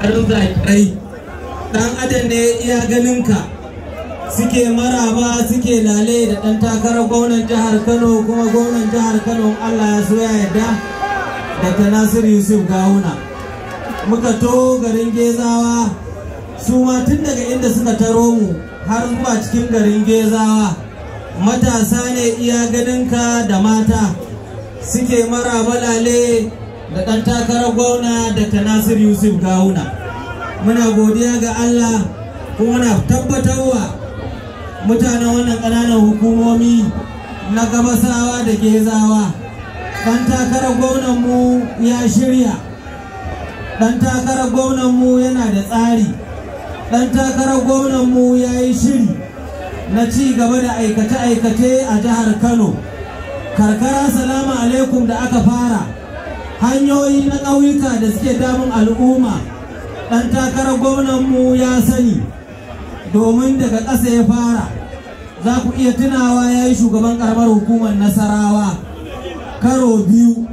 arzakai dan adam ne iya ka. suke maraba suke lale da dan takarar gwamnan jihar kano kuma gwamnan jihar kano allah ya so ya yarda da nasir yusuf gawuna muka to garin gezawa su ma tun daga inda suka taro mu har zuwa cikin garin gezawa matasa ne iya ganinka da mata suke maraba lale da ɗan takarar gwamna ta Nasir Yusuf Gawuna. Muna godiya ga Allah kuma muna tabbatarwa mutanen wannan ƙananan hukumomi na gabasawa da gezawa. Ɗan takarar gwamnanmu ya shirya. Ɗan takarar gwamnanmu yana da tsari. Ɗan takarar gwamnanmu ya yi shiri na ci gaba da aikace-aikace a jihar Kano. Karkara salamu alaikum da aka fara. hanyoyi na ƙauyuka da suke damun al'umma ɗan takarar gwamnanmu ya sani domin daga ƙasa ya fara za ku iya tunawa ya yi shugaban ƙaramar hukumar nasarawa karo biyu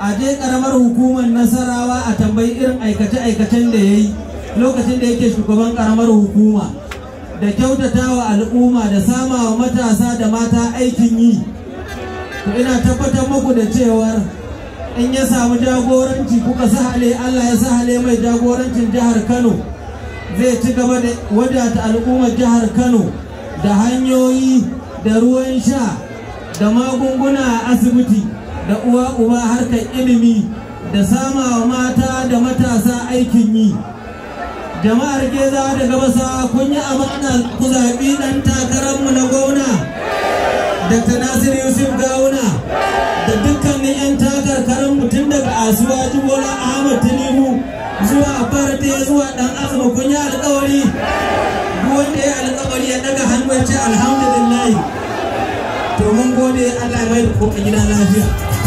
a je ƙaramar hukumar nasarawa a tambayi irin aikace-aikacen da ya yi lokacin da yake shugaban ƙaramar hukuma da kyautata wa al'umma da samawa matasa da mata aikin yi ina tabbatar muku da cewar in ya samu jagoranci kuka sahale Allah ya sahale mai jagorancin jihar Kano zai ci gaba da wadata al'ummar jihar Kano da hanyoyi da ruwan sha da magunguna a asibiti da uwa uba harkar ilimi da sama wa mata da matasa aikin yi jama'ar geza da gabasa kun yi amana ku zaɓi ɗan takararmu na gwamna ta nasiru yusuf gawuna da asibaji bola ahmad tinubu zuwa abarate zuwa dan azuma kun yi alkawari wanda ya alkawari ya daga hannu ya ce alhamdulillah to mun gode allah mai da a gida lafiya